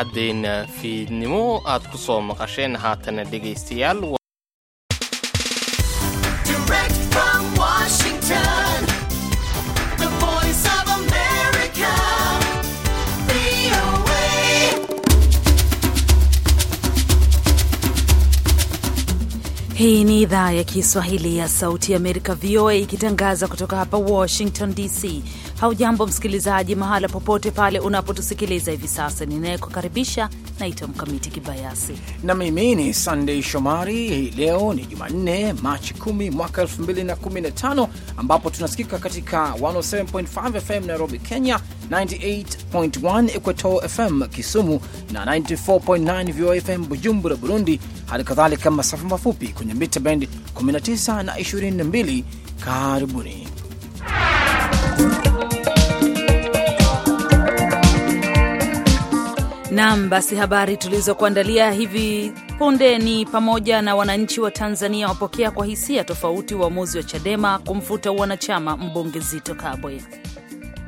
cadeyna fiidnimo aad ku soo maqasheen haatana dhegaystayaal Hii ni idhaa ya Kiswahili ya Sauti ya Amerika, VOA, ikitangaza kutoka hapa Washington DC. Haujambo msikilizaji, mahala popote pale unapotusikiliza hivi sasa. Ninayekukaribisha naitwa Mkamiti Kibayasi na mimi ni Sandei Shomari. Hii leo ni Jumanne, Machi 10 mwaka 2015, ambapo tunasikika katika 107.5 FM Nairobi, Kenya, 98.1 Equator FM Kisumu na 94.9 VOA FM Bujumbura, Burundi, hali kadhalika masafa mafupi kwenye mita bendi 19 na 22. Karibuni. Nam, basi habari tulizokuandalia hivi punde ni pamoja na wananchi wa Tanzania wapokea kwa hisia tofauti uamuzi wa Chadema kumfuta wanachama mbunge Zito Kabwe.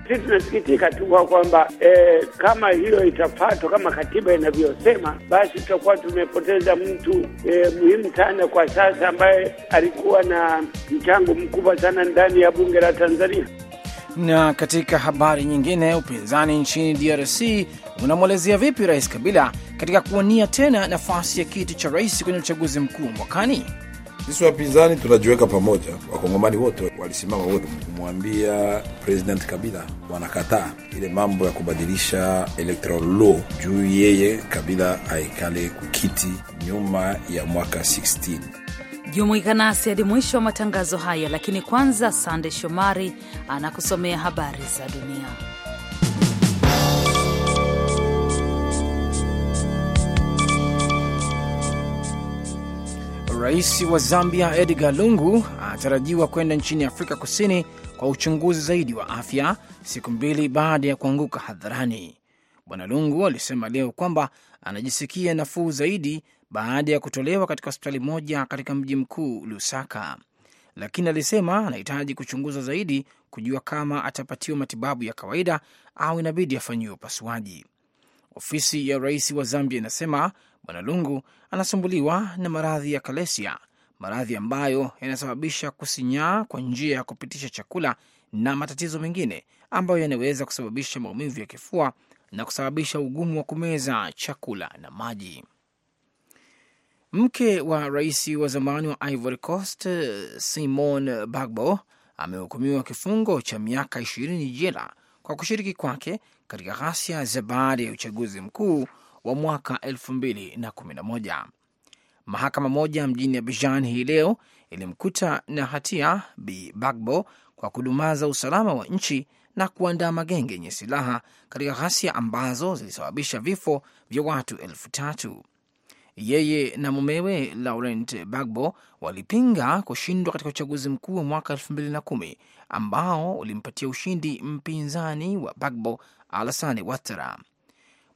Sisi tunasikitika tu kwa kwamba e, kama hiyo itafatwa kama katiba inavyosema, basi tutakuwa tumepoteza mtu e, muhimu sana kwa sasa, ambaye alikuwa na mchango mkubwa sana ndani ya bunge la Tanzania. Na katika habari nyingine, upinzani nchini DRC unamwelezea vipi Rais Kabila katika kuwania tena nafasi ya kiti cha rais kwenye uchaguzi mkuu mwakani? Sisi wapinzani tunajiweka pamoja, wakongomani wote walisimama wote kumwambia President Kabila, wanakataa ile mambo ya kubadilisha electoral law juu yeye Kabila aikale kukiti nyuma ya mwaka 16. Jumuika nasi hadi mwisho wa matangazo haya, lakini kwanza, Sande Shomari anakusomea habari za dunia. Rais wa Zambia Edgar Lungu anatarajiwa kwenda nchini Afrika Kusini kwa uchunguzi zaidi wa afya siku mbili baada ya kuanguka hadharani. Bwana Lungu alisema leo kwamba anajisikia nafuu zaidi baada ya kutolewa katika hospitali moja katika mji mkuu Lusaka, lakini alisema anahitaji kuchunguza zaidi kujua kama atapatiwa matibabu ya kawaida au inabidi afanyiwe upasuaji. Ofisi ya rais wa Zambia inasema Bwana Lungu anasumbuliwa na maradhi ya kalesia, maradhi ambayo yanasababisha kusinyaa kwa njia ya kupitisha chakula na matatizo mengine ambayo yanaweza kusababisha maumivu ya kifua na kusababisha ugumu wa kumeza chakula na maji. Mke wa rais wa zamani wa Ivory Coast Simon Bagbo amehukumiwa kifungo cha miaka ishirini jela kwa kushiriki kwake katika ghasia za baada ya uchaguzi mkuu wa mwaka elfu mbili na kumi na moja. Mahakama moja mjini abijan hii leo ilimkuta na hatia Bi Bagbo kwa kudumaza usalama wa nchi na kuandaa magenge yenye silaha katika ghasia ambazo zilisababisha vifo vya watu elfu tatu. Yeye na mumewe Laurent bagbo walipinga kushindwa katika uchaguzi mkuu wa mwaka elfu mbili na kumi ambao ulimpatia ushindi mpinzani wa bagbo Alassane Ouattara.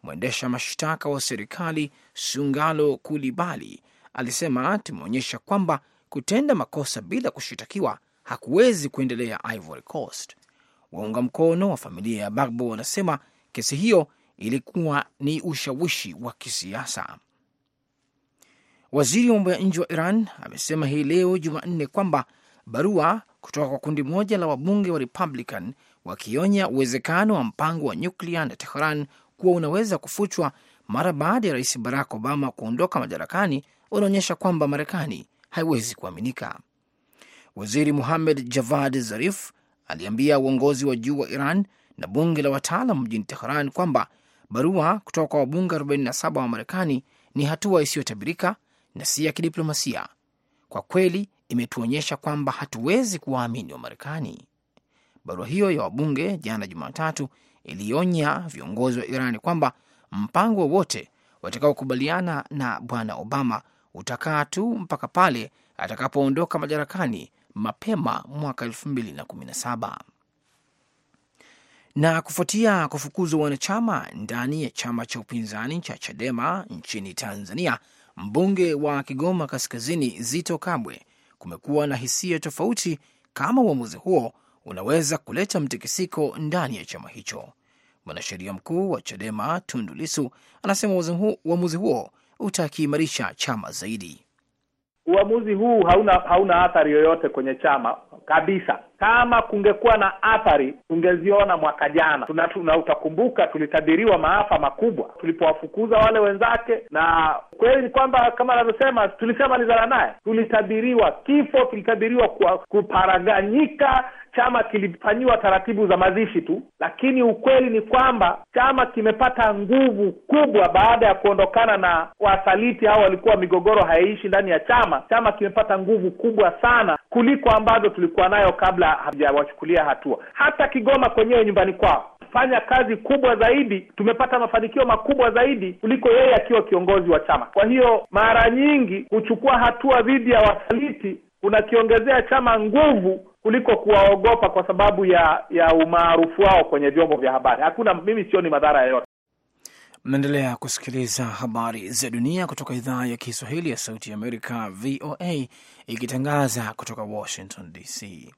Mwendesha mashtaka wa serikali Sungalo Kulibali alisema, tumeonyesha kwamba kutenda makosa bila kushitakiwa hakuwezi kuendelea Ivory Coast. Waunga mkono wa familia ya Bagbo wanasema kesi hiyo ilikuwa ni ushawishi wa kisiasa. Waziri wa mambo ya nje wa Iran amesema hii leo Jumanne kwamba barua kutoka kwa kundi moja la wabunge wa Republican wakionya uwezekano wa mpango wa nyuklia na Tehran kuwa unaweza kufuchwa mara baada ya Rais Barack Obama kuondoka madarakani unaonyesha kwamba Marekani haiwezi kuaminika. Waziri Muhamed Javad Zarif aliambia uongozi wa juu wa Iran na bunge la wataalam mjini Tehran kwamba barua kutoka kwa wabunge 47 wa Marekani ni hatua isiyotabirika na si ya kidiplomasia. Kwa kweli imetuonyesha kwamba hatuwezi kuwaamini wa Marekani. Barua hiyo ya wabunge jana Jumatatu ilionya viongozi wa Irani kwamba mpango wowote watakaokubaliana na bwana Obama utakaa tu mpaka pale atakapoondoka madarakani mapema mwaka 2017. Na kufuatia kufukuzwa wanachama ndani ya chama cha upinzani cha Chadema nchini Tanzania mbunge wa Kigoma Kaskazini Zito Kabwe, kumekuwa na hisia tofauti kama uamuzi huo unaweza kuleta mtikisiko ndani ya chama hicho. Mwanasheria mkuu wa CHADEMA Tundu Lisu anasema uamuzi huo utakiimarisha chama zaidi uamuzi huu hauna hauna athari yoyote kwenye chama kabisa. Kama kungekuwa na athari tungeziona mwaka jana. Tuna, tuna utakumbuka tulitabiriwa maafa makubwa tulipowafukuza wale wenzake, na kweli ni kwamba kama anavyosema, tulishamalizana naye, tulitabiriwa kifo, tulitabiriwa kuparaganyika chama kilifanyiwa taratibu za mazishi tu, lakini ukweli ni kwamba chama kimepata nguvu kubwa baada ya kuondokana na wasaliti hao walikuwa migogoro haiishi ndani ya chama. Chama kimepata nguvu kubwa sana kuliko ambazo tulikuwa nayo kabla hajawachukulia hatua. Hata Kigoma kwenyewe nyumbani kwao fanya kazi kubwa zaidi, tumepata mafanikio makubwa zaidi kuliko yeye akiwa kiongozi wa chama. Kwa hiyo mara nyingi huchukua hatua dhidi ya wasaliti unakiongezea chama nguvu kuliko kuwaogopa kwa sababu ya ya umaarufu wao kwenye vyombo vya habari. Hakuna, mimi sioni madhara yoyote. Mnaendelea kusikiliza habari za dunia kutoka idhaa ya Kiswahili ya Sauti ya Amerika, VOA, ikitangaza kutoka Washington DC.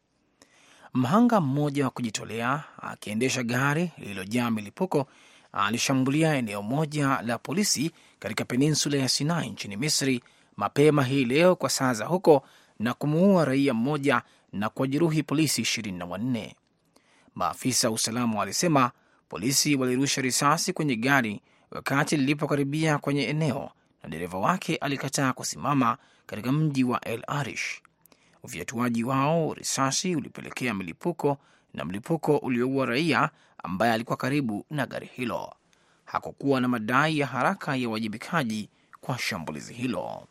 Mhanga mmoja wa kujitolea akiendesha gari lililojaa milipuko alishambulia eneo moja la polisi katika peninsula ya Sinai nchini Misri mapema hii leo kwa saa za huko, na kumuua raia mmoja na kuwajeruhi polisi 24. Maafisa wa usalama walisema polisi walirusha risasi kwenye gari wakati lilipokaribia kwenye eneo na dereva wake alikataa kusimama katika mji wa El Arish. Ufyatuaji wao risasi ulipelekea milipuko na mlipuko ulioua raia ambaye alikuwa karibu na gari hilo. Hakukuwa na madai ya haraka ya uwajibikaji kwa shambulizi hilo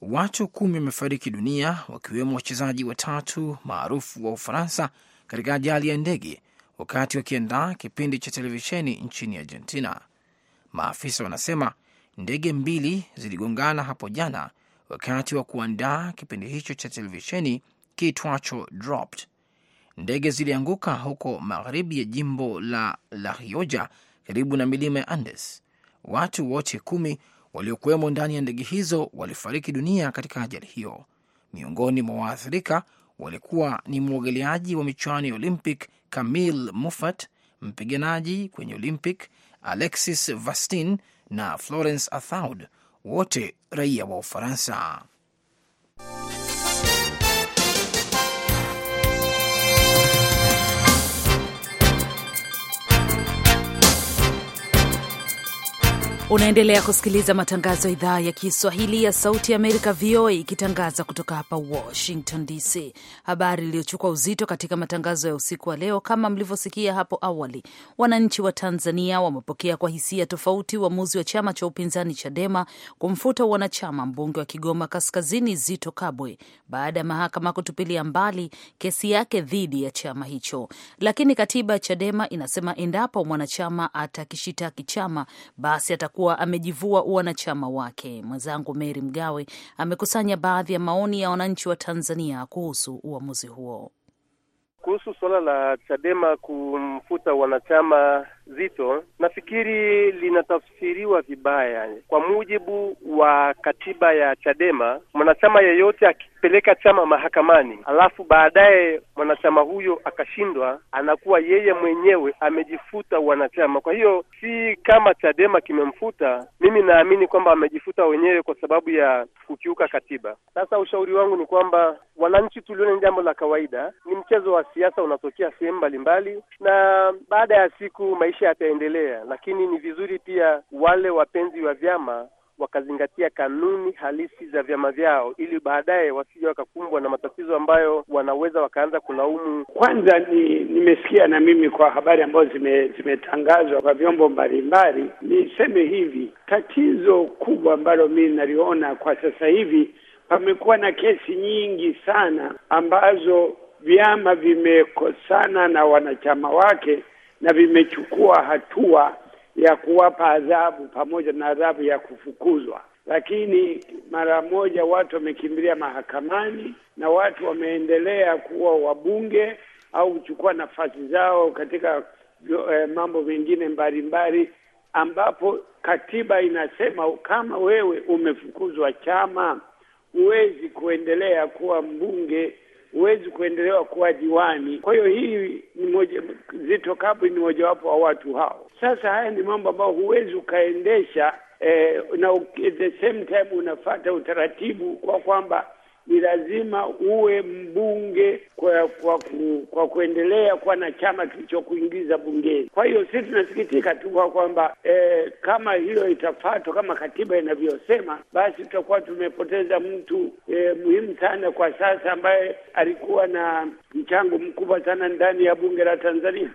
watu kumi wamefariki dunia wakiwemo wachezaji watatu maarufu wa Ufaransa katika ajali ya ndege wakati wakiandaa kipindi cha televisheni nchini Argentina. Maafisa wanasema ndege mbili ziligongana hapo jana wakati wa kuandaa kipindi hicho cha televisheni kiitwacho Dropped. Ndege zilianguka huko magharibi ya jimbo la La Rioja karibu na milima ya Andes. Watu wote kumi waliokuwemo ndani ya ndege hizo walifariki dunia katika ajali hiyo. Miongoni mwa waathirika walikuwa ni mwogeleaji wa michuano ya Olympic Camille Muffat, mpiganaji kwenye Olympic Alexis Vastin na Florence Athaud, wote raia wa Ufaransa. Unaendelea kusikiliza matangazo ya idhaa ya Kiswahili ya Sauti ya Amerika, VOA, ikitangaza kutoka hapa Washington DC. Habari iliyochukua uzito katika matangazo ya usiku wa leo, kama mlivyosikia hapo awali, wananchi wa Tanzania wamepokea kwa hisia tofauti uamuzi wa chama cha upinzani Chadema kumfuta wanachama mbunge wa Kigoma Kaskazini Zito Kabwe baada ya mahakama kutupilia mbali kesi yake dhidi ya chama hicho. Lakini katiba ya Chadema inasema endapo mwanachama atakishitaki chama basi atakuwa kuwa amejivua uanachama wake. Mwenzangu Meri Mgawe amekusanya baadhi ya maoni ya wananchi wa Tanzania kuhusu uamuzi huo. Kuhusu suala la Chadema kumfuta wanachama zito nafikiri linatafsiriwa vibaya. Kwa mujibu wa katiba ya Chadema, mwanachama yeyote akipeleka chama mahakamani alafu baadaye mwanachama huyo akashindwa, anakuwa yeye mwenyewe amejifuta wanachama. Kwa hiyo si kama Chadema kimemfuta, mimi naamini kwamba amejifuta wenyewe kwa sababu ya kukiuka katiba. Sasa ushauri wangu ni kwamba wananchi tulione ni jambo la kawaida, ni mchezo wa siasa unatokea sehemu mbalimbali, na baada ya siku maisha maisha yataendelea, lakini ni vizuri pia wale wapenzi wa vyama wakazingatia kanuni halisi za vyama vyao ili baadaye wasije wakakumbwa na matatizo ambayo wanaweza wakaanza kulaumu. Kwanza ni nimesikia na mimi kwa habari ambazo zime, zimetangazwa kwa vyombo mbalimbali. Niseme hivi, tatizo kubwa ambalo mimi naliona kwa sasa hivi, pamekuwa na kesi nyingi sana ambazo vyama vimekosana na wanachama wake na vimechukua hatua ya kuwapa adhabu pamoja na adhabu ya kufukuzwa. Lakini mara moja watu wamekimbilia mahakamani na watu wameendelea kuwa wabunge au kuchukua nafasi zao katika eh, mambo mengine mbalimbali, ambapo katiba inasema kama wewe umefukuzwa chama huwezi kuendelea kuwa mbunge huwezi kuendelewa kuwa diwani. Kwa hiyo hii ni moja, Zito Kabwe ni mojawapo wa watu hao. Sasa haya ni mambo ambayo huwezi ukaendesha eh, na at the same time unafata utaratibu kwa kwamba ni lazima uwe mbunge kwa kwa, ku, kwa kuendelea kuwa na chama kilichokuingiza bungeni. Kwa hiyo sisi tunasikitika tu kwa kwamba e, kama hilo itafatwa kama katiba inavyosema, basi tutakuwa tumepoteza mtu e, muhimu sana kwa sasa ambaye alikuwa na mchango mkubwa sana ndani ya bunge la Tanzania.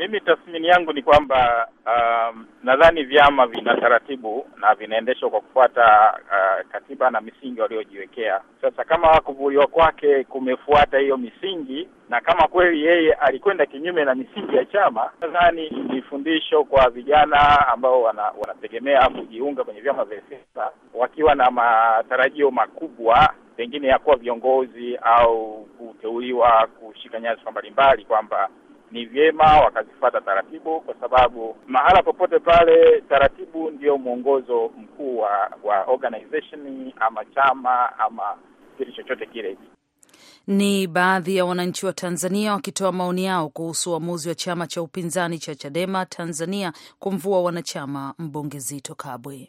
Mimi tathmini yangu ni kwamba um, nadhani vyama vina taratibu na vinaendeshwa kwa kufuata uh, katiba na misingi waliojiwekea. Sasa kama kuvuliwa kwake kumefuata hiyo misingi na kama kweli yeye alikwenda kinyume na misingi ya chama, nadhani ni fundisho kwa vijana ambao wanategemea wana kujiunga kwenye vyama vya siasa wakiwa na matarajio makubwa pengine ya kuwa viongozi au kuteuliwa kushika nyadhifa mbalimbali, kwamba ni vyema wakazifata taratibu, kwa sababu mahala popote pale taratibu ndiyo mwongozo mkuu wa, wa organization ama chama ama kitu chochote kile. Ni baadhi ya wananchi wa Tanzania wakitoa maoni yao kuhusu uamuzi wa chama cha upinzani cha Chadema Tanzania kumvua wanachama mbunge Zito Kabwe.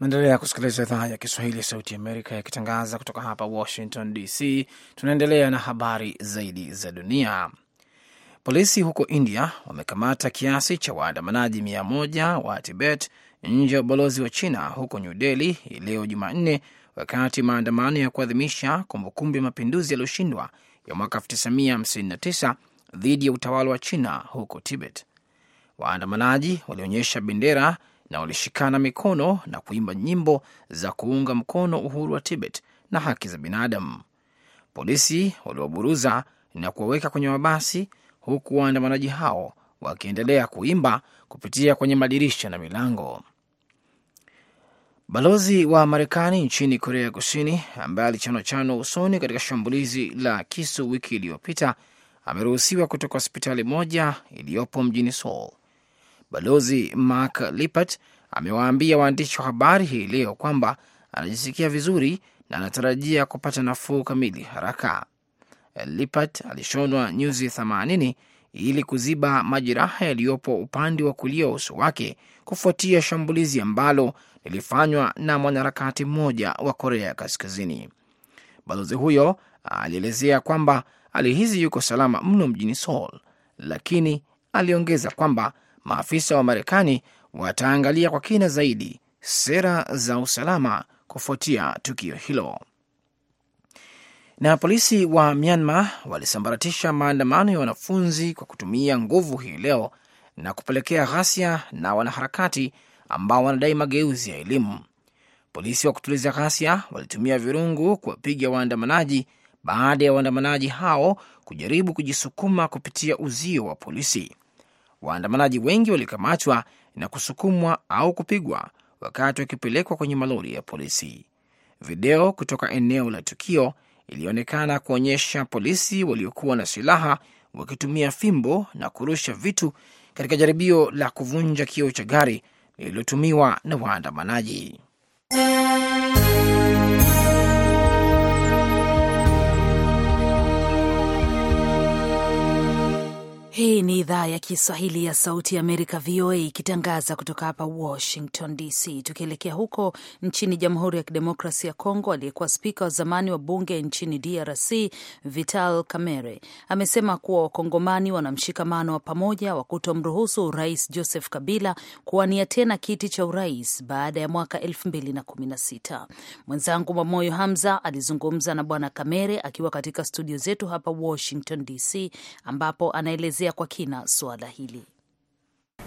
Naendelea kusikiliza idhaa ya Kiswahili ya Sauti Amerika yakitangaza kutoka hapa Washington DC. Tunaendelea na habari zaidi za dunia. Polisi huko India wamekamata kiasi cha waandamanaji mia moja wa Tibet nje ya ubalozi wa China huko New Delhi hii leo Jumanne, wakati maandamano ya kuadhimisha kumbukumbu ya mapinduzi yaliyoshindwa ya mwaka 1959 dhidi ya utawala wa China huko Tibet. Waandamanaji walionyesha bendera na walishikana mikono na kuimba nyimbo za kuunga mkono uhuru wa Tibet na haki za binadamu. Polisi waliwaburuza na kuwaweka kwenye mabasi, huku waandamanaji hao wakiendelea kuimba kupitia kwenye madirisha na milango. Balozi wa Marekani nchini Korea ya Kusini, ambaye alichanochano usoni katika shambulizi la kisu wiki iliyopita, ameruhusiwa kutoka hospitali moja iliyopo mjini Seoul. Balozi Mark Lippert amewaambia waandishi wa habari hii leo kwamba anajisikia vizuri na anatarajia kupata nafuu kamili haraka. Lippert alishonwa nyuzi 80 ili kuziba majeraha yaliyopo upande wa kulia wa uso wake kufuatia shambulizi ambalo lilifanywa na mwanaharakati mmoja wa Korea ya Kaskazini. Balozi huyo alielezea kwamba alihisi yuko salama mno mjini Seoul, lakini aliongeza kwamba maafisa wa Marekani wataangalia kwa kina zaidi sera za usalama kufuatia tukio hilo. Na polisi wa Myanmar walisambaratisha maandamano ya wanafunzi kwa kutumia nguvu hii leo na kupelekea ghasia na wanaharakati ambao wanadai mageuzi ya elimu. Polisi wa kutuliza ghasia walitumia virungu kuwapiga waandamanaji baada ya waandamanaji hao kujaribu kujisukuma kupitia uzio wa polisi. Waandamanaji wengi walikamatwa na kusukumwa au kupigwa wakati wakipelekwa kwenye malori ya polisi. Video kutoka eneo la tukio ilionekana kuonyesha polisi waliokuwa na silaha wakitumia fimbo na kurusha vitu katika jaribio la kuvunja kioo cha gari lililotumiwa na waandamanaji. idhaa ya Kiswahili ya Sauti ya Amerika, VOA, ikitangaza kutoka hapa Washington DC. Tukielekea huko nchini Jamhuri ya Kidemokrasi ya Kongo, aliyekuwa spika wa zamani wa bunge nchini DRC Vital Kamerhe amesema kuwa Wakongomani wana mshikamano wa pamoja wa kutomruhusu Rais Joseph Kabila kuwania tena kiti cha urais baada ya mwaka 2016. Mwenzangu Mamoyo Hamza alizungumza na Bwana Kamerhe akiwa katika studio zetu hapa Washington DC, ambapo anaelezea kwa kina na suala hili.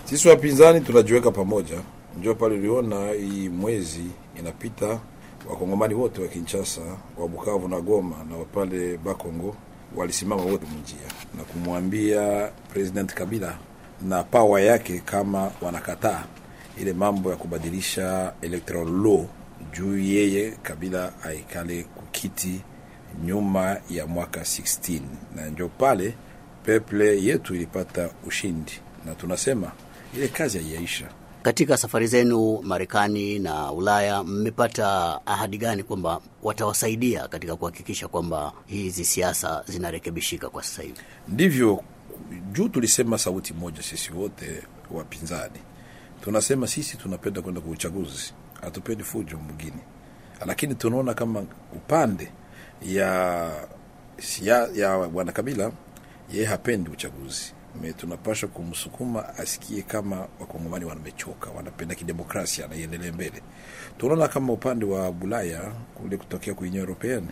Sisi wapinzani tunajiweka pamoja, njo pale uliona hii mwezi inapita, wakongomani wote wa Kinshasa, wa Bukavu na Goma na wapale Bakongo walisimama wote mnjia na kumwambia President Kabila na pawa yake kama wanakataa ile mambo ya kubadilisha electoral law juu yeye Kabila aikale kukiti nyuma ya mwaka 16 na njo pale peple yetu ilipata ushindi, na tunasema ile kazi haiyaisha. Katika safari zenu Marekani na Ulaya, mmepata ahadi gani kwamba watawasaidia katika kuhakikisha kwamba hizi siasa zinarekebishika kwa sasa hivi? Ndivyo juu tulisema sauti moja, sisi wote wapinzani tunasema sisi tunapenda kwenda kwa uchaguzi, hatupendi fujo mwingine, lakini tunaona kama upande ya ya bwana Kabila yeye hapendi uchaguzi Me, tunapasha kumsukuma asikie kama wakongomani wanamechoka wanapenda kidemokrasia naiendelee mbele. Tunaona kama upande wa bulaya kule kutokea kwa Union European,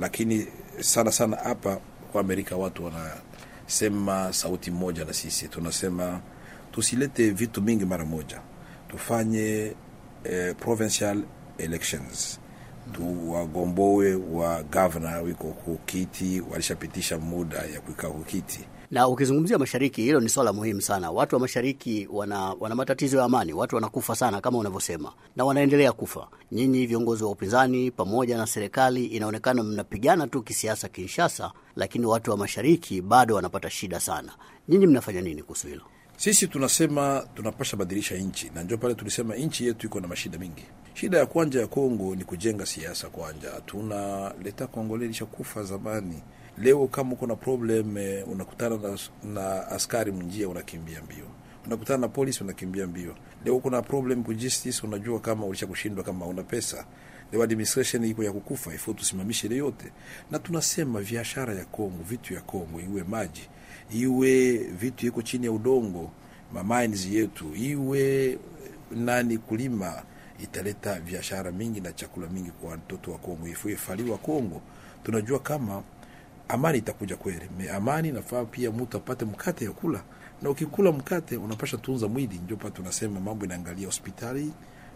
lakini sana sana hapa kwa Amerika watu wanasema sauti moja, na sisi tunasema tusilete vitu mingi mara moja, tufanye eh, provincial elections tuwagombowe wa gavana wiko kukiti, walishapitisha muda ya kuikaa kukiti. Na ukizungumzia mashariki, hilo ni swala muhimu sana. Watu wa mashariki wana, wana matatizo ya amani, watu wanakufa sana kama unavyosema, na wanaendelea kufa. Nyinyi viongozi wa upinzani pamoja na serikali, inaonekana mnapigana tu kisiasa Kinshasa, lakini watu wa mashariki bado wanapata shida sana. Nyinyi mnafanya nini kuhusu hilo? Sisi tunasema tunapasha badilisha nchi, na ndio pale tulisema nchi yetu iko na mashida mingi. Shida ya kwanja ya Kongo ni kujenga siasa kwanja. Tuna leta Kongole lisha kufa zamani. Leo kama uko na problem, eh, unakutana na, na askari mnjia, unakimbia mbio unakutana na polisi unakimbia mbio. Leo kuna problem ku justice, unajua kama ulisha kushindwa, kama una pesa. Leo administration iko ya kukufa, ifo tusimamishe ile yote, na tunasema biashara ya Kongo, vitu ya Kongo, iwe maji iwe vitu iko chini ya udongo, mamines yetu iwe nani kulima, italeta biashara mingi na chakula mingi kwa watoto wa Kongo. Ifue fali wa Kongo, tunajua kama amani itakuja kweli. Me amani nafaa pia mtu apate mkate ya kula, na ukikula mkate unapasha tunza mwili. Ndio pa tunasema mambo inaangalia hospitali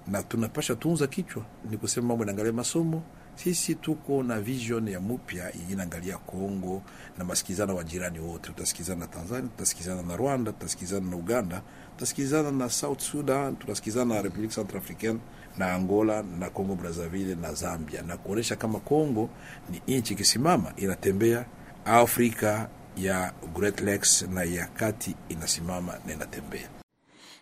na tunapasha tunza kichwa, ni kusema mambo inaangalia masomo sisi tuko na vision ya mupya inaangalia Kongo na masikizana wa jirani wote, tutasikizana na Tanzania, tutasikizana na Rwanda, tutasikizana na Uganda, tutasikizana na South Sudan, tutasikizana na Republique Centrafricaine na Angola na Congo Brazzaville na Zambia, na kuonyesha kama Kongo ni nchi ikisimama inatembea, Afrika ya Great Lakes na ya kati inasimama na inatembea.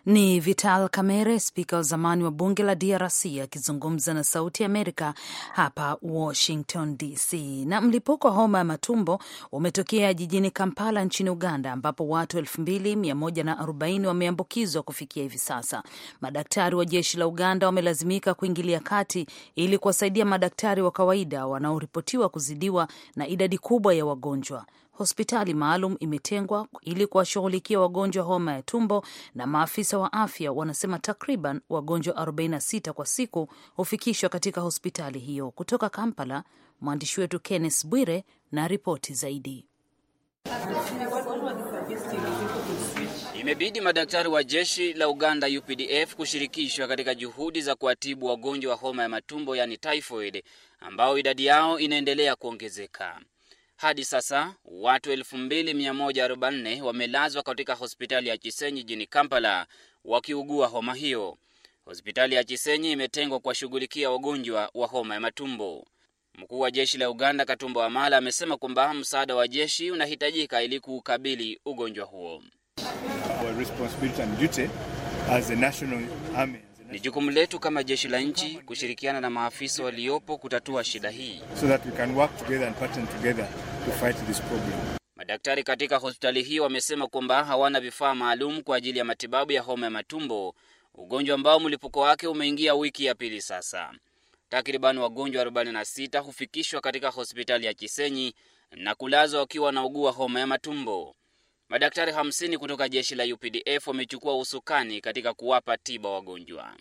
Ni Vital Kamerhe, spika wa zamani wa bunge la DRC akizungumza na Sauti ya Amerika hapa Washington DC. Na mlipuko wa homa ya matumbo umetokea jijini Kampala nchini Uganda, ambapo watu 2140 wameambukizwa kufikia hivi sasa. Madaktari wa jeshi la Uganda wamelazimika kuingilia kati ili kuwasaidia madaktari wa kawaida wanaoripotiwa kuzidiwa na idadi kubwa ya wagonjwa hospitali maalum imetengwa ili kuwashughulikia wagonjwa homa ya tumbo, na maafisa wa afya wanasema takriban wagonjwa 46 kwa siku hufikishwa katika hospitali hiyo. Kutoka Kampala, mwandishi wetu Kenneth Bwire na ripoti zaidi. Imebidi madaktari wa jeshi la Uganda UPDF kushirikishwa katika juhudi za kuwatibu wagonjwa wa homa ya matumbo yaani typhoid ambao idadi yao inaendelea kuongezeka. Hadi sasa watu 2144 wamelazwa katika hospitali ya Chisenyi jijini Kampala wakiugua homa hiyo. Hospitali ya Chisenyi imetengwa kuwashughulikia wagonjwa wa homa ya matumbo. Mkuu wa jeshi la Uganda Katumba Wamala amesema kwamba msaada wa jeshi unahitajika ili kuukabili ugonjwa huo. Ni jukumu letu kama jeshi la nchi kushirikiana na maafisa waliopo kutatua shida hii. So that we can work together and partner together to fight this problem. Madaktari katika hospitali hiyo wamesema kwamba hawana vifaa maalum kwa ajili ya matibabu ya homa ya matumbo, ugonjwa ambao mlipuko wake umeingia wiki ya pili sasa. Takriban wagonjwa 46 hufikishwa katika hospitali ya Kisenyi na kulazwa wakiwa wanaugua homa ya matumbo. Madaktari 50 kutoka jeshi la UPDF wamechukua usukani katika kuwapa tiba wagonjwa.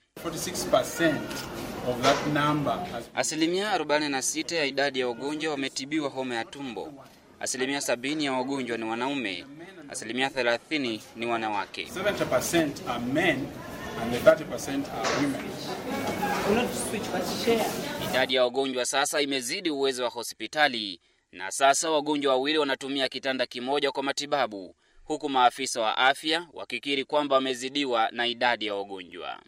Asilimia 46 ya idadi ya wagonjwa wametibiwa homa ya tumbo. Asilimia 70 ya wagonjwa ni wanaume, asilimia 30 ni wanawake. Idadi ya wagonjwa sasa imezidi uwezo wa hospitali na sasa wagonjwa wawili wanatumia kitanda kimoja kwa matibabu, huku maafisa wa afya wakikiri kwamba wamezidiwa na idadi ya wagonjwa.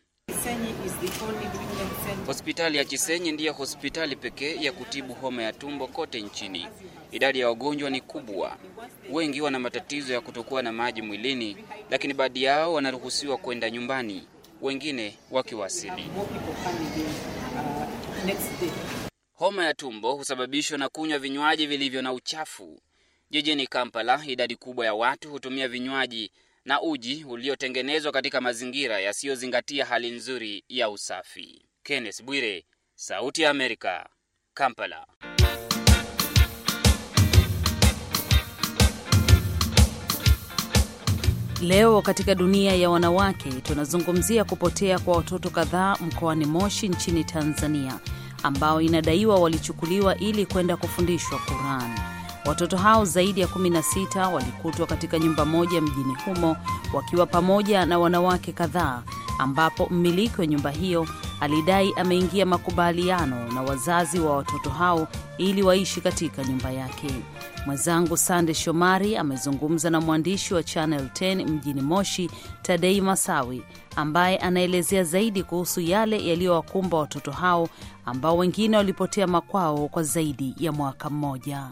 Hospitali ya Chisenyi ndiyo hospitali pekee ya kutibu homa ya tumbo kote nchini. Idadi ya wagonjwa ni kubwa, wengi wana matatizo ya kutokuwa na maji mwilini, lakini baadhi yao wanaruhusiwa kwenda nyumbani, wengine wakiwasili Homa ya tumbo husababishwa na kunywa vinywaji vilivyo na uchafu. Jijini Kampala, idadi kubwa ya watu hutumia vinywaji na uji uliotengenezwa katika mazingira yasiyozingatia hali nzuri ya usafi. Kenneth Bwire, Sauti ya Amerika, Kampala. Leo katika dunia ya wanawake tunazungumzia kupotea kwa watoto kadhaa mkoani Moshi nchini Tanzania ambao inadaiwa walichukuliwa ili kwenda kufundishwa Quran. Watoto hao zaidi ya 16 walikutwa katika nyumba moja mjini humo wakiwa pamoja na wanawake kadhaa, ambapo mmiliki wa nyumba hiyo alidai ameingia makubaliano na wazazi wa watoto hao ili waishi katika nyumba yake. Mwenzangu Sande Shomari amezungumza na mwandishi wa Channel 10 mjini Moshi, Tadei Masawi, ambaye anaelezea zaidi kuhusu yale yaliyowakumba watoto hao ambao wengine walipotea makwao kwa zaidi ya mwaka mmoja.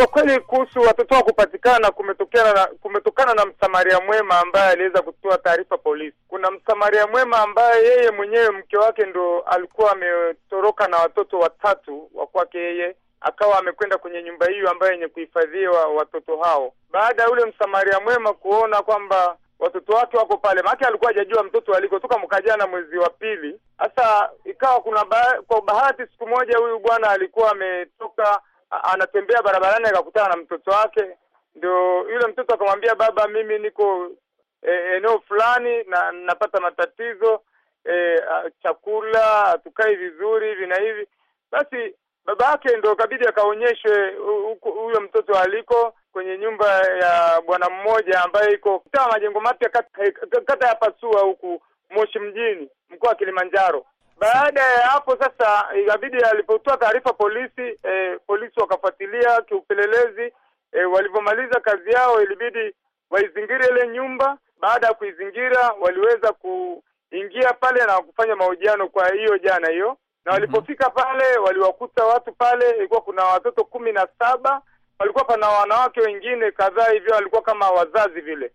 Kwa kweli kuhusu watoto wa kupatikana kumetokana na, kumetokana na msamaria mwema ambaye aliweza kutoa taarifa polisi. Kuna msamaria mwema ambaye yeye mwenyewe mke wake ndo alikuwa ametoroka na watoto watatu wa kwake yeye akawa amekwenda kwenye nyumba hiyo ambayo yenye kuhifadhiwa watoto hao. Baada ya yule msamaria mwema kuona kwamba watoto wake wako pale, maake alikuwa hajajua mtoto alikotoka mwaka jana mwezi wa pili. Sasa ikawa kuna ba, kwa bahati siku moja huyu bwana alikuwa ametoka anatembea barabarani akakutana na mtoto wake, ndio yule mtoto akamwambia, baba, mimi niko e, eneo fulani na napata matatizo eh, chakula hatukai vizuri hivi na hivi. Basi baba yake ndio kabidi akaonyeshwe huyo mtoto aliko kwenye nyumba ya bwana mmoja ambaye iko kutaa majengo mapya kata, kata ya Pasua huku Moshi mjini mkoa wa Kilimanjaro. Baada ya hapo sasa, ikabidi alipotoa taarifa polisi eh, polisi wakafuatilia kiupelelezi eh, walivyomaliza kazi yao, ilibidi waizingire ile nyumba. Baada ya kuizingira, waliweza kuingia pale na kufanya mahojiano kwa hiyo jana hiyo, na mhm. walipofika pale waliwakuta watu pale, ilikuwa kuna watoto kumi na saba, walikuwa pana wanawake wengine kadhaa hivyo, walikuwa kama wazazi vile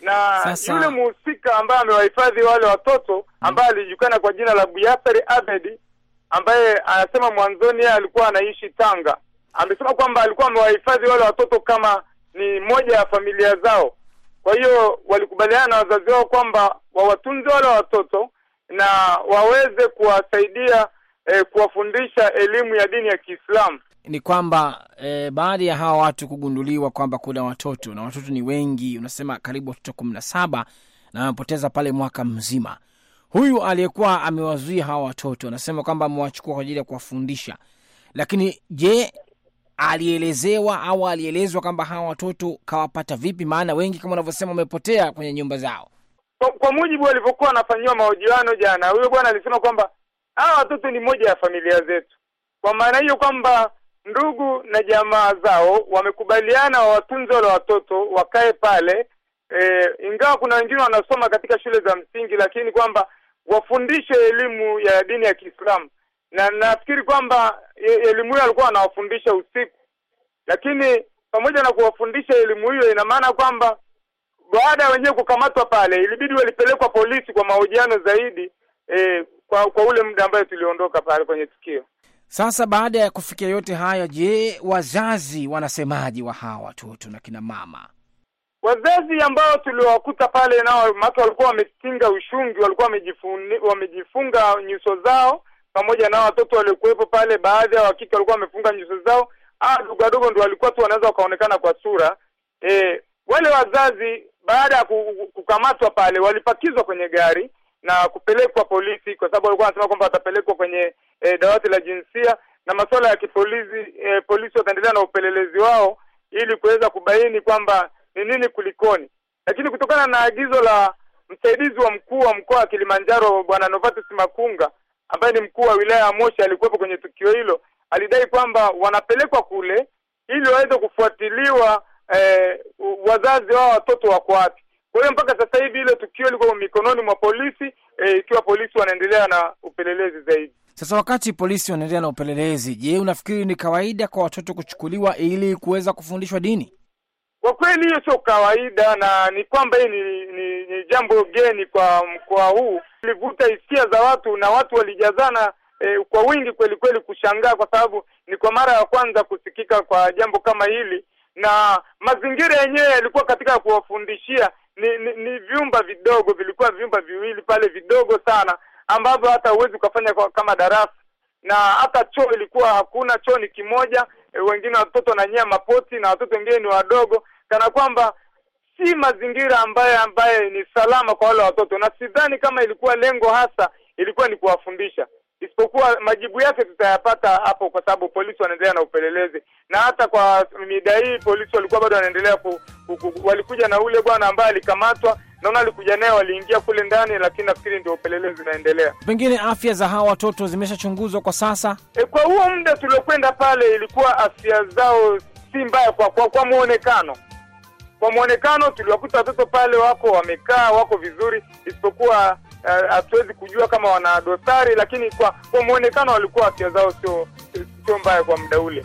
na Sasa, yule muhusika ambaye amewahifadhi wale watoto ambaye alijulikana kwa jina la Buyaferi Abedi ambaye anasema mwanzoni yeye alikuwa anaishi Tanga, amesema kwamba alikuwa amewahifadhi wale watoto kama ni moja ya familia zao. Kwa hiyo walikubaliana na wazazi wao kwamba wawatunze wale watoto na waweze kuwasaidia eh, kuwafundisha elimu ya dini ya Kiislamu ni kwamba e, eh, baada ya hawa watu kugunduliwa kwamba kuna watoto na watoto ni wengi, unasema karibu watoto kumi na saba na amepoteza pale mwaka mzima. Huyu aliyekuwa amewazuia hawa watoto anasema kwamba amewachukua kwa ajili ya kuwafundisha, lakini je, alielezewa au alielezwa kwamba hawa watoto kawapata vipi? Maana wengi kama unavyosema wamepotea kwenye nyumba zao. Kwa, kwa mujibu walivyokuwa anafanyiwa mahojiano jana, huyo bwana alisema kwamba hawa watoto ni moja ya familia zetu. Kwa maana hiyo kwamba ndugu na jamaa zao wamekubaliana watunze wale watoto wakae pale e, ingawa kuna wengine wanasoma katika shule za msingi lakini kwamba wafundishe elimu ya dini ya Kiislamu na nafikiri kwamba e, elimu hiyo alikuwa anawafundisha usiku lakini pamoja na kuwafundisha elimu hiyo ina maana kwamba baada ya wenyewe kukamatwa pale ilibidi walipelekwa polisi kwa mahojiano zaidi e, kwa, kwa ule muda ambayo tuliondoka pale kwenye tukio sasa baada ya kufikia yote haya, je, wazazi wanasemaji wa hawa watoto na kina mama? Wazazi ambao tuliwakuta pale nao, maka walikuwa wametinga ushungi, walikuwa wamejifunga nyuso zao, pamoja na watoto waliokuwepo pale. Baadhi ya wakike walikuwa wamefunga nyuso zao, ah, wadogo ndo walikuwa tu wanaweza wakaonekana kwa sura e, wale wazazi baada ya kukamatwa pale walipakizwa kwenye gari na kupelekwa polisi, kwa sababu walikuwa wanasema kwamba watapelekwa kwenye eh, dawati la jinsia na masuala ya kipolisi. Eh, polisi wataendelea na upelelezi wao ili kuweza kubaini kwamba ni nini kulikoni, lakini kutokana na agizo la msaidizi wa mkuu wa mkoa wa Kilimanjaro Bwana Novatus Makunga ambaye ni mkuu wa wilaya ya Moshi, alikuwepo kwenye tukio hilo, alidai kwamba wanapelekwa kule ili waweze kufuatiliwa eh, wazazi wao watoto wako wapi. Kwa hiyo mpaka sasa hivi ile tukio liko mikononi mwa polisi e, ikiwa polisi wanaendelea na upelelezi zaidi. Sasa wakati polisi wanaendelea na upelelezi, je, unafikiri ni kawaida kwa watoto kuchukuliwa ili kuweza kufundishwa dini? Kwa kweli hiyo sio kawaida, na ni kwamba hii ni, ni, ni jambo geni kwa mkoa huu. Ilivuta hisia za watu na watu walijazana e, kwa wingi kweli kweli, kushangaa kwa sababu ni kwa mara ya kwanza kusikika kwa jambo kama hili, na mazingira yenyewe yalikuwa katika kuwafundishia ni, ni, ni vyumba vidogo, vilikuwa vyumba viwili pale vidogo sana ambavyo hata huwezi ukafanya kama darasa, na hata choo ilikuwa hakuna, choo ni kimoja. E, wengine watoto wananyia mapoti na watoto wengine ni wadogo, kana kwamba si mazingira ambaye ambaye ni salama kwa wale watoto, na sidhani kama ilikuwa lengo hasa ilikuwa ni kuwafundisha isipokuwa majibu yake tutayapata hapo, kwa sababu polisi wanaendelea na upelelezi, na hata kwa mida hii polisi walikuwa bado wanaendelea ku, ku, ku, walikuja na ule bwana ambaye alikamatwa naona alikuja naye, waliingia kule ndani, lakini nafikiri ndio upelelezi unaendelea. Pengine afya za hawa watoto zimeshachunguzwa kwa sasa. E, kwa huo muda tuliokwenda pale ilikuwa afya zao si mbaya kwa, kwa, kwa mwonekano kwa mwonekano tuliwakuta watoto pale wako wamekaa, wako vizuri, isipokuwa Eh, hatuwezi kujua kama wana dosari, lakini kwa kwa mwonekano walikuwa afya zao sio sio mbaya kwa muda ule.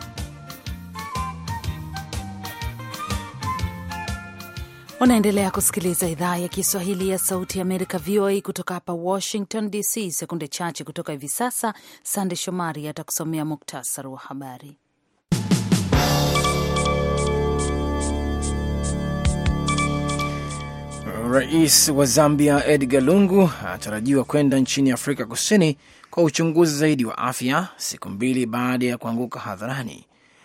Unaendelea kusikiliza idhaa ya Kiswahili ya Sauti ya Amerika, VOA, kutoka hapa Washington DC. Sekunde chache kutoka hivi sasa, Sande Shomari atakusomea muktasari wa habari. Rais wa Zambia Edgar Lungu anatarajiwa kwenda nchini Afrika Kusini kwa uchunguzi zaidi wa afya siku mbili baada ya kuanguka hadharani.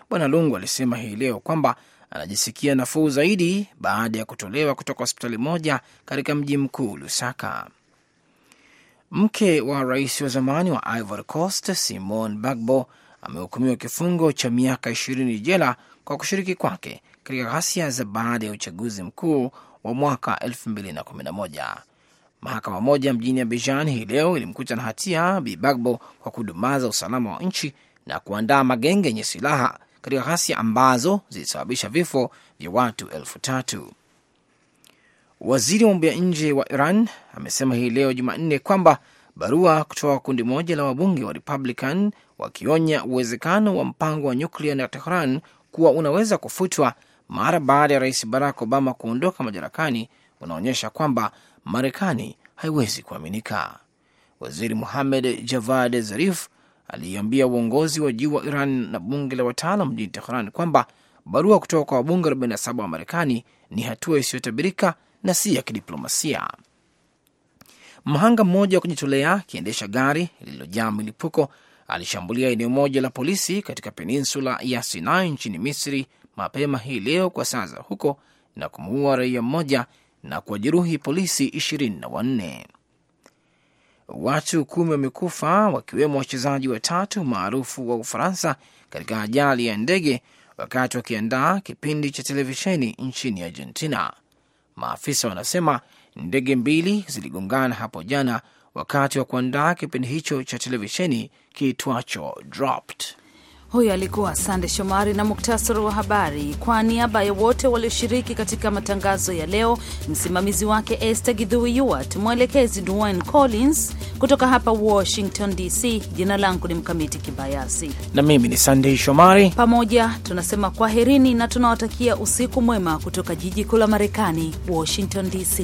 Bwana Lungu alisema hii leo kwamba anajisikia nafuu zaidi baada ya kutolewa kutoka hospitali moja katika mji mkuu Lusaka. Mke wa rais wa zamani wa Ivory Coast simon Bagbo amehukumiwa kifungo cha miaka ishirini jela kwa kushiriki kwake katika ghasia za baada ya uchaguzi mkuu wa mwaka 2011. Mahakama moja mjini Abijan hii leo ilimkuta na hatia Bi Bagbo kwa kudumaza usalama wa nchi na kuandaa magenge yenye silaha katika ghasia ambazo zilisababisha vifo vya watu elfu tatu. Waziri wa mambo ya nje wa Iran amesema hii leo Jumanne kwamba barua kutoka kundi moja la wabunge wa Republican wakionya uwezekano wa mpango wa nyuklia na Tehran kuwa unaweza kufutwa mara baada ya rais Barack Obama kuondoka madarakani unaonyesha kwamba Marekani haiwezi kuaminika. Waziri Muhamed Javad Zarif aliambia uongozi wa juu wa Iran na bunge la wataalam mjini Tehran kwamba barua kutoka kwa wabunge 47 wa Marekani ni hatua isiyotabirika na si ya kidiplomasia. Mhanga mmoja wa kujitolea akiendesha gari lililojaa milipuko alishambulia eneo moja la polisi katika peninsula ya Sinai nchini Misri mapema hii leo kwa saa za huko na kumuua raia mmoja na kuwajeruhi polisi ishirini na wanne. Watu kumi wamekufa wakiwemo wachezaji watatu maarufu wa Ufaransa katika ajali ya ndege wakati wakiandaa kipindi cha televisheni nchini Argentina. Maafisa wanasema ndege mbili ziligongana hapo jana wakati wa kuandaa kipindi hicho cha televisheni kiitwacho Dropped. Huyo alikuwa Sande Shomari na muktasari wa habari. Kwa niaba ya wote walioshiriki katika matangazo ya leo, msimamizi wake Esther Gidhui Yuart, mwelekezi Dwayne Collins. Kutoka hapa Washington DC, jina langu ni Mkamiti Kibayasi na mimi ni Sandei Shomari. Pamoja tunasema kwaherini na tunawatakia usiku mwema kutoka jiji kuu la Marekani, Washington DC.